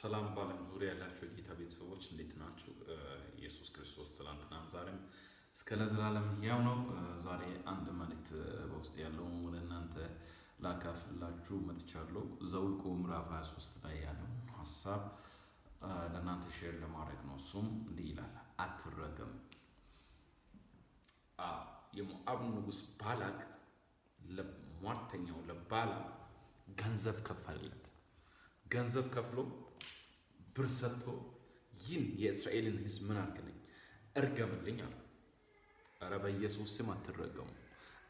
ሰላም በዓለም ዙሪያ ያላቸው የጌታ ቤተሰቦች እንዴት ናችሁ? ኢየሱስ ክርስቶስ ትላንትናም ዛሬም እስከ ለዘላለም ሕያው ነው። ዛሬ አንድ መልእክት በውስጥ ያለውን ወደ እናንተ ላካፍላችሁ መጥቻለሁ። ዘኍልቍ ምዕራፍ 23 ላይ ያለውን ሀሳብ ለእናንተ ሼር ለማድረግ ነው። እሱም እንዲህ ይላል፣ አትረገም። የሞአብ ንጉሥ ባላቅ ለሟርተኛው ለባላም ገንዘብ ከፈለለት ገንዘብ ከፍሎ ብር ሰጥቶ ይህን የእስራኤልን ህዝብ ምን አድርግልኝ እርገምልኝ አለ። ኧረ በኢየሱስ ስም አትረገሙ።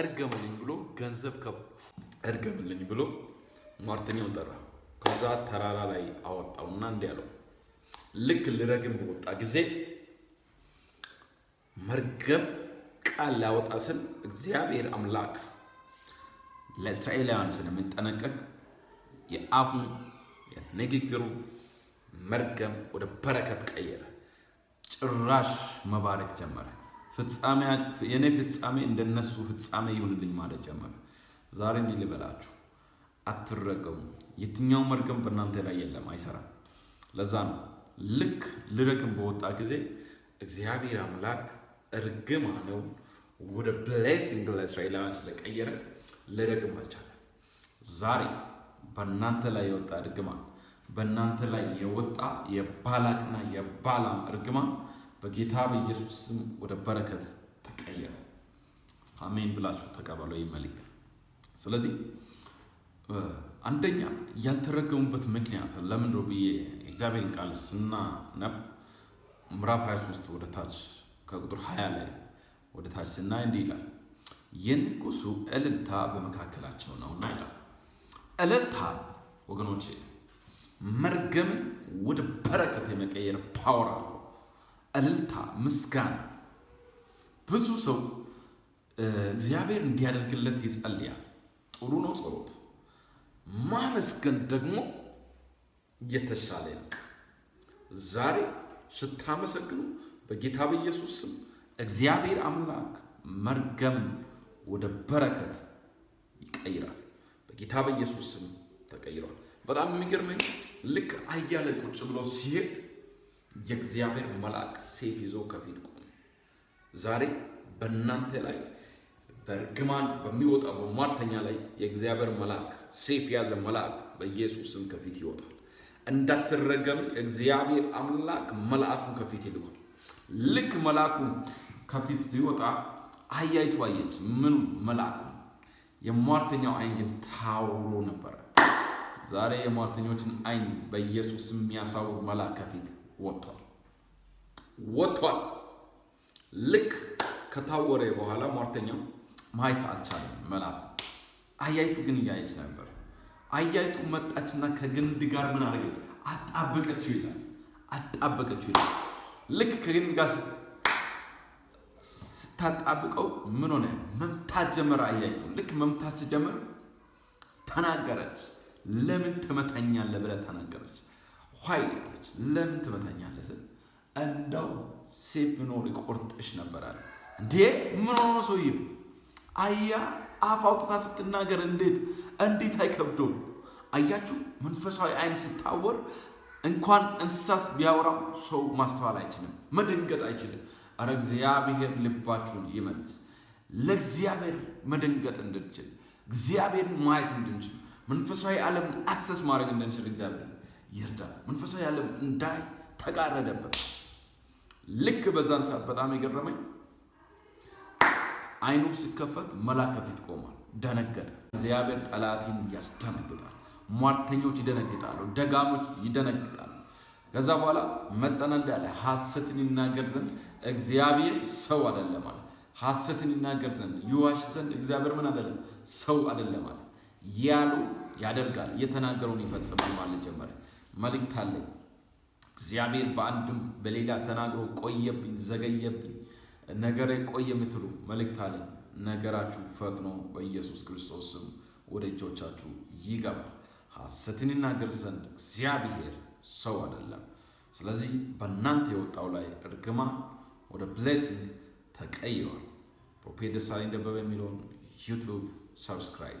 እርገምልኝ ብሎ ገንዘብ ከፍሎ እርገምልኝ ብሎ ሟርተኛው ጠራ። ከዛ ተራራ ላይ አወጣውና እንዲህ አለው፣ ልክ ልረግም በወጣ ጊዜ መርገም ቃል ላወጣ ስል እግዚአብሔር አምላክ ለእስራኤላውያን ስለሚጠነቀቅ የአፉን የንግግሩ መርገም ወደ በረከት ቀየረ። ጭራሽ መባረክ ጀመረ። የእኔ ፍጻሜ እንደነሱ ፍጻሜ ይሁንልኝ ማለት ጀመረ። ዛሬ እንዲህ ልበላችሁ፣ አትረገሙ። የትኛው መርገም በእናንተ ላይ የለም፣ አይሰራም። ለዛ ነው ልክ ልረግም በወጣ ጊዜ እግዚአብሔር አምላክ እርግማኑን ወደ ብሌሲንግ ለእስራኤላውያን ስለቀየረ ልረግም አልቻለም። ዛሬ በእናንተ ላይ የወጣ እርግማን በእናንተ ላይ የወጣ የባላቅና የባላም እርግማን በጌታ በኢየሱስ ስም ወደ በረከት ተቀየረ። አሜን ብላችሁ ተቀበሉ። ይህ መልእክት ስለዚህ አንደኛ ያልተረገሙበት ምክንያት ለምንድ ብዬ እግዚአብሔርን ቃል ስናነብ ምዕራፍ 23 ወደ ታች ከቁጥር 20 ላይ ወደ ታች ስናይ እንዲህ ይላል፣ የንጉሱ እልልታ በመካከላቸው ነውና ይላል። እልልታ ወገኖቼ መርገምን ወደ በረከት የመቀየር ፓወር አለው። እልልታ፣ ምስጋና። ብዙ ሰው እግዚአብሔር እንዲያደርግለት ይጸልያል። ጥሩ ነው ጸሎት። ማመስገን ደግሞ የተሻለ ነው። ዛሬ ስታመሰግኑ በጌታ በኢየሱስ ስም እግዚአብሔር አምላክ መርገምን ወደ በረከት ይቀይራል። በጌታ በኢየሱስ ስም ተቀይሯል። በጣም የሚገርመኝ ልክ አህያ ቁጭ ብሎ ሲሄድ የእግዚአብሔር መልአክ ሴፍ ይዞ ከፊት ቆመ። ዛሬ በእናንተ ላይ በእርግማን በሚወጣው በሟርተኛ ላይ የእግዚአብሔር መልአክ ሴፍ የያዘ መልአክ በኢየሱስ ስም ከፊት ይወጣል። እንዳትረገም እግዚአብሔር አምላክ መልአኩን ከፊት ይልኳል። ልክ መልአኩ ከፊት ሲወጣ አያይቱ አየች ምኑ መልአኩ። የሟርተኛው አይን ግን ታውሮ ነበረ። ዛሬ የሟርተኞችን አይን በኢየሱስ የሚያሳውር መልአክ ከፊት ወጥቷል ወጥቷል። ልክ ከታወረ በኋላ ሟርተኛው ማየት አልቻለም። መልአኩ አያይቱ ግን እያየች ነበር። አያይቱ መጣችና ከግንድ ጋር ምን አደረገች? አጣበቀችው ይላል። አጣበቀችው ይላል። ልክ ከግንድ ጋር ስታጣብቀው ምን ሆነ? መምታት ጀመረ። አያይቱ ልክ መምታት ሲጀምር ተናገረች። ለምን ትመታኛለህ ብለ ተናገረች። ኋይ አለች። ለምን ትመታኛለ ስል እንደው ሴፕ ቢኖር ይቆርጥሽ ነበር አለ። እንዴ ምን ሆኖ ሰውዬ አያ አፍ አውጥታ ስትናገር እንዴት እንዴት አይከብዶም አያችሁ መንፈሳዊ አይን ስታወር እንኳን እንስሳስ ቢያወራው ሰው ማስተዋል አይችልም፣ መደንገጥ አይችልም። አረ እግዚአብሔር ልባችሁን ይመልስ። ለእግዚአብሔር መደንገጥ እንድንችል እግዚአብሔርን ማየት እንድንችል መንፈሳዊ ዓለም አክሰስ ማድረግ እንደንችል እግዚአብሔር ይርዳል። መንፈሳዊ ዓለም እንዳይ ተቃረደበት። ልክ በዛን ሰዓት በጣም የገረመኝ አይኑ ሲከፈት መልአክ ከፊት ቆሟል። ደነገጠ። እግዚአብሔር ጠላትን ያስደነግጣል። ሟርተኞች ይደነግጣሉ፣ ደጋሞች ይደነግጣሉ። ከዛ በኋላ መጠና እንዳለ ሐሰትን ይናገር ዘንድ እግዚአብሔር ሰው አይደለም ማለት ሐሰትን ይናገር ዘንድ ይዋሽ ዘንድ እግዚአብሔር ምን አይደለም ሰው አይደለም ማለት ያሉ ያደርጋል የተናገረውን ይፈጽማል ማለት ጀመረ። መልእክት አለኝ። እግዚአብሔር በአንድም በሌላ ተናግሮ ቆየብኝ፣ ዘገየብኝ፣ ነገር ቆየ የምትሉ መልእክት አለኝ። ነገራችሁ ፈጥኖ በኢየሱስ ክርስቶስ ስም ወደ እጆቻችሁ ይገባል። ሐሰትን ይናገር ዘንድ እግዚአብሔር ሰው አይደለም። ስለዚህ በእናንተ የወጣው ላይ እርግማን ወደ ብሌሲንግ ተቀይሯል። ፕሮፌት ደሳለኝ ደበበ የሚለውን ዩቱብ ሰብስክራይብ